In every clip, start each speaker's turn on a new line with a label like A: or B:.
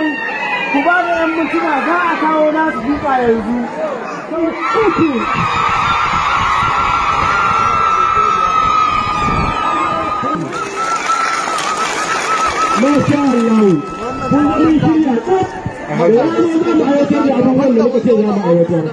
A: nan ku ba da 'yan mintuna za a kawo nasu duka yanzu Masha Allah, kun shirya da ya kuma yi da da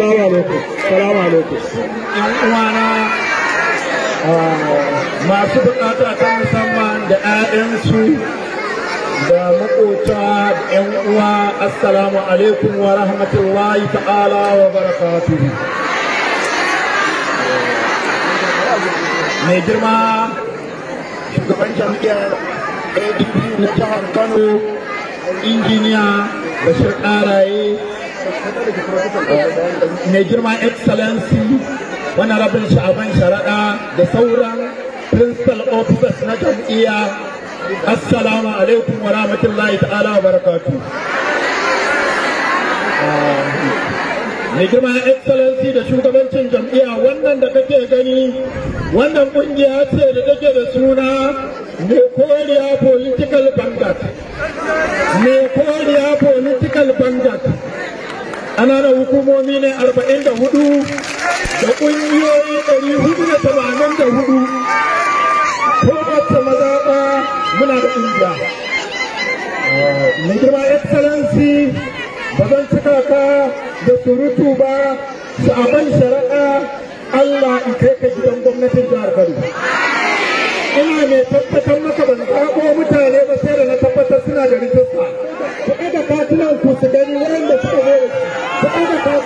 A: salamu alaikum salamu alaikum
B: yan uwana
A: masu bukata ta musamman da 'ya'yansu da makota da yan uwa assalamu alaikum wa rahmatullahi ta'ala wa barakatuhu mai girma shugaban jam'iyyar adp na jihar kano injiniya bashir ɗaraye mai girma excellency wani rabin sha'aban sharaɗa da sauran principal officers na jam'iyya assalamu alaikum wa rahmatullahi ta'ala wa barakatu mai girma excellency da shugabancin jam'iyya wannan da kake gani wannan kungiya ce da take da suna Nekoriya political bangat Nekoriya political bangat ƙananan hukumomi ne 44 da ƙungiyoyi 484 wata mazaɓa muna da ƙungiya mai girma excellency ba zan cika ka da surutu ba su sha'aban shari'a allah in kai ka gidan gwamnatin jihar kano ina mai tabbatar maka ban zaɓo mutane ba sai da na tabbatar suna da rijista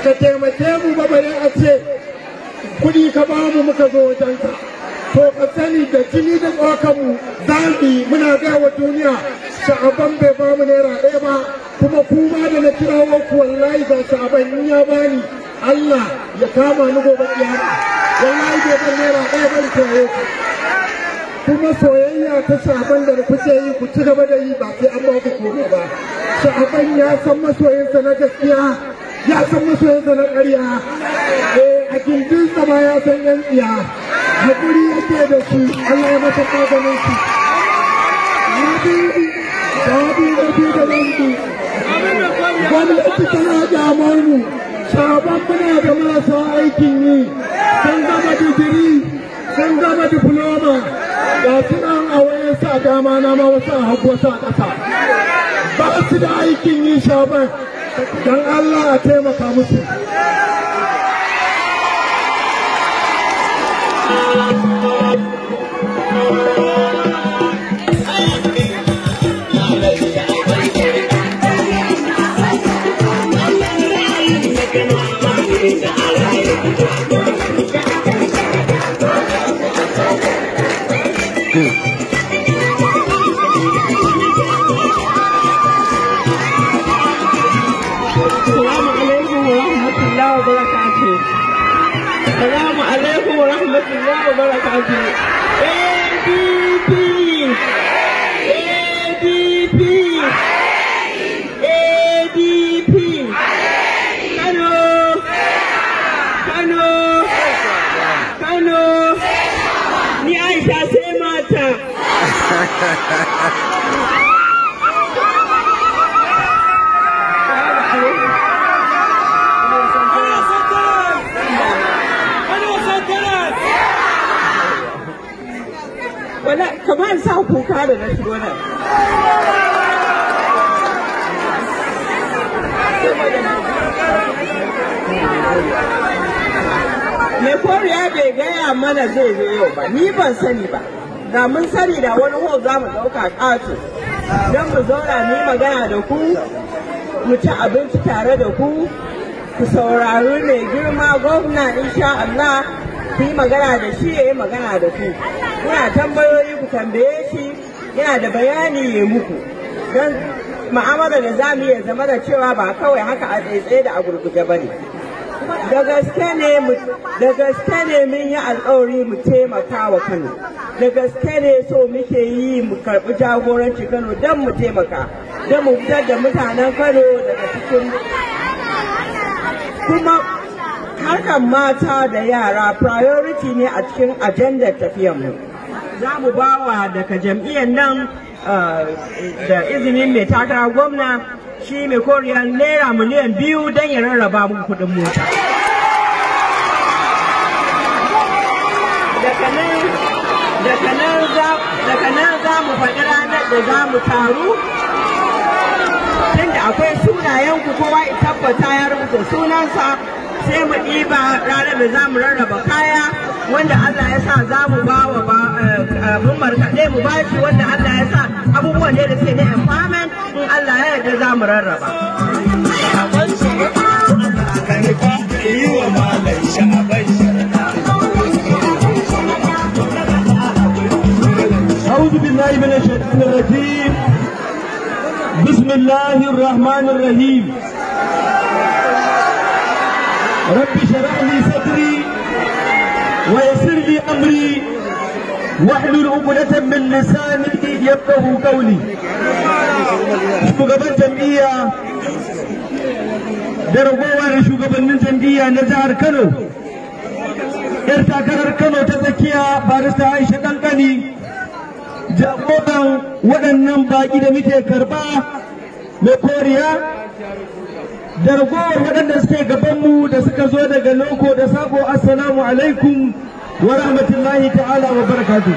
A: ka taimake mu ba bare a ce kuɗi ka ba mu muka zo wajenka to ka sani da jini da mu zaɓi muna wa duniya sha'aban bai ba mu naira ɗaya ba kuma kuma da na kirawo ku wallahi ga sha'aban ya bani Allah ya kama ni gobe kiyama wallahi bai ban naira ɗaya ban kirawo ku kuma soyayya ta sha'aban da kuke yi ku ci gaba da yi ba sai an ba ku komai ba sha'aban ya san masoyinsa na gaskiya ya san masoyansa na ƙarya eh a kirjinsa sama ya san yan tsiya hakuri yake da su Allah ya mata maganin su Habibi da bi da Wani ita tana damar mu sabon muna da marasa aikin yi sun gama digiri sun gama diploma ga sunan a wayan sa dama na ma wasu a hagu wasu a ƙasa ba su da aikin yi shaban don Allah a taimaka musu Thank you.
B: Assalamu alaikum wa rahmatullahi wa barakatuh. ADP! ADP! ADP! Kano! Kano! Kano! Ni Aisha sai mata. kamar sa kuka da na shigo nan mai koriya bai gaya mana zai zo yau ba ni ban sani ba ga mun sani da wani hol za mu ɗauka ƙato don mu zauna mu yi magana da ku mu ci abinci tare da ku ku saurari mai girma gwamna insha Allah ku yi magana da shi ya yi magana da ku muna tambayoyi ku tambaye shi yana da bayani ya muku don ma'amala da zamu ya zama da cewa ba kawai haka a tsaye da a gurguje ba ne da gaske ne mun yi alkawari mu taimaka wa kano da gaske ne so muke yi mu karbi jagoranci kano don mu taimaka don mu fitar da mutanen kano daga cikin kuma harkar mata da yara priority ne a cikin ajandar mu. za mu bawa daga jam'iyyar nan eh, da izinin mai takara gwamna shi mai koriyar naira miliyan biyu don ya rarraba mu kudin mota daga nan za mu faɗi ranar da za mu taru inda akwai sunayenku kowa ya tabbata ya rubuta sunansa sai mu ɗiba ranar da za mu rarraba kaya wanda Allah ya sa za mu ba wa eh, abin markaɗe mu ba shi wanda Allah ya sa abubuwan da suke na empowerment in Allah ya yarda za mu rarraba. Yi wa malam
A: أعوذ بالله من الشيطان الرجيم بسم الله الرحمن الرحيم رب شرح لي صدري ويسر لي أمري واحلل عقدة من لساني يفقه قولي شكرا جمعية دروبوار شكرا جمعية نزار كنو ارتاكرر كنو تزكية بارست عائشة تلقاني jagoran waɗannan baƙi da muke karɓa mai koriya da ragowar waɗanda suke gabanmu da suka zo daga loko da sako assalamu alaikum wa rahmatullahi ta'ala wa barakatu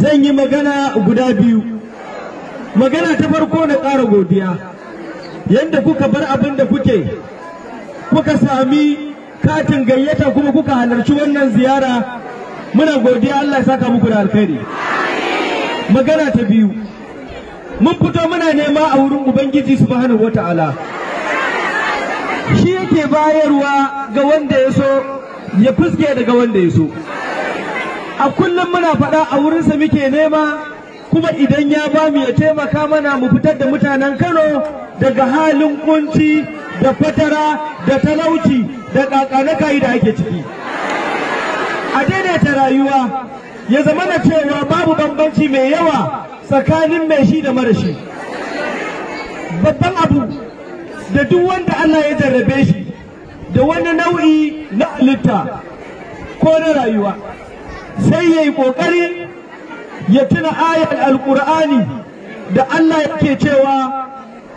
A: zan yi magana guda biyu magana ta farko na ƙara godiya yadda kuka bar abin da kuke kuka sami katin gayyata kuma kuka halarci wannan ziyara muna godiya Allah ya saka muku da alkhairi magana ta biyu mun fito muna nema a wurin ubangiji subhanahu wata'ala shi yake bayarwa ga wanda ya so ya fuske daga wanda ya so a kullum muna faɗa a wurinsa muke nema kuma idan ya bamu ya taimaka mana mu fitar da mutanen Kano daga halin kunci da fatara da talauci da kakanakayi da ake ciki a daidaita rayuwa ya zama na cewa babu bambanci mai yawa tsakanin mai shi da mara shi babban abu da duk wanda Allah ya jarrabe shi da wani nau'i na halitta ko na rayuwa sai ya yi ƙoƙari ya tuna ayar alƙur'ani da Allah yake cewa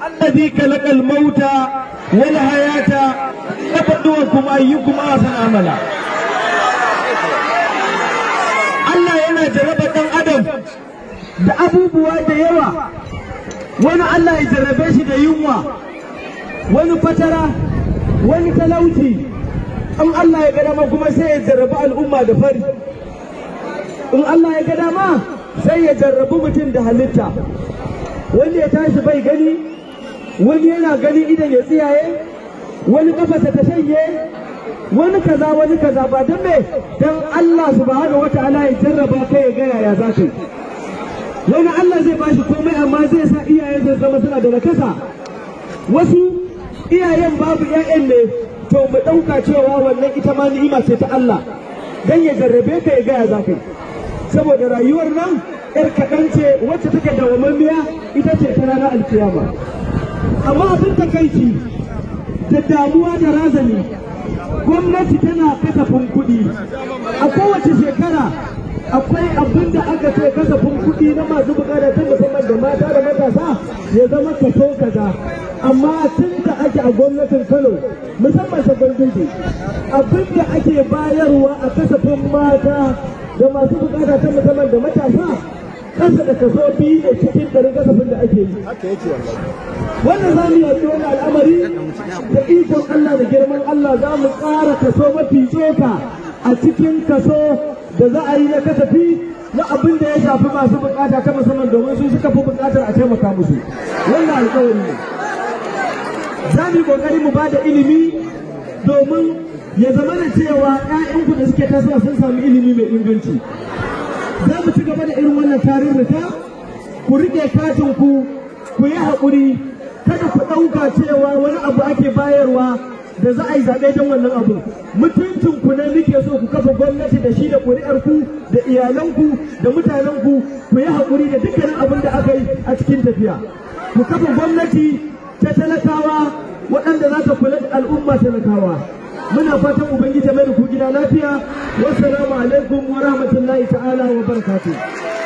A: allazi kalaqal mauta hayata, والحياة yi أيكم أحسن amala. Allah yana jaraba ɗan adam da abubuwa da yawa wani Allah ya jarabe shi da yunwa wani fatara wani talauci in Allah ya ga dama kuma sai ya jarrabi al'umma da fari in Allah ya ga dama sai ya jarrabu mutum da halitta Wani ya tashi bai gani wani yana ganin idan ya tsiyaye wani kafasa ta shanye wani kaza wani kaza ba don me don Allah wata ala ya jarraba kai ya gaya ya zaka yi wani Allah zai bashi komai amma zai sa iyayen zai zama suna da nakasa wasu iyayen babu 'ya'yan ne to mu ɗauka cewa wannan ita ma ni'ima ce ta Allah dan ya jarrabe ka ya gaya zaka yi saboda rayuwar nan ƴar kaɗan ce wacce take dawamammiya ita ce ta ranar alkiyama amma abin takaici da damuwa da razani gwamnati tana kasafin kuɗi a kowace shekara akwai abin da aka ce kasafin kuɗi na masu bukata ta musamman da mata da matasa ya zama kaso kaza amma tun da ake a gwamnatin kano musamman sabon dubi abin da ake bayarwa a kasafin mata da masu bukata ta musamman da matasa kasa da kaso biyu ne cikin ɗari kasafin da ake yi. Wannan za mu yaƙi wani al'amari da ikon Allah da girman Allah za mu ƙara kaso mafi tsoka a cikin kaso da za a yi na kasafi na abin da ya shafi masu bukata ta musamman domin su suka fi bukatar a taimaka musu. Wannan alƙawari ne. Za mu yi ƙoƙari mu ba da ilimi domin ya zama da cewa 'ya'yanku da suke tasowa sun samu ilimi mai inganci. za mu ci gaba da irin wannan tarurruka ku riƙe katin ku ku yi haƙuri kada ku ɗauka cewa wani abu ake bayarwa da za a yi zaɓe don wannan abu mutuncin ku ne muke so ku kafa gwamnati da shi da ƙuri'arku ku da iyalanku da mutanen ku ku yi haƙuri da dukkanin abin da aka yi a cikin tafiya ku kafa gwamnati ta talakawa waɗanda za ta kula da al'umma talakawa muna fatan ubangiji mai da ku gida lafiya wassalamu alaikum wa rahmatullahi ta'ala wa barakatuh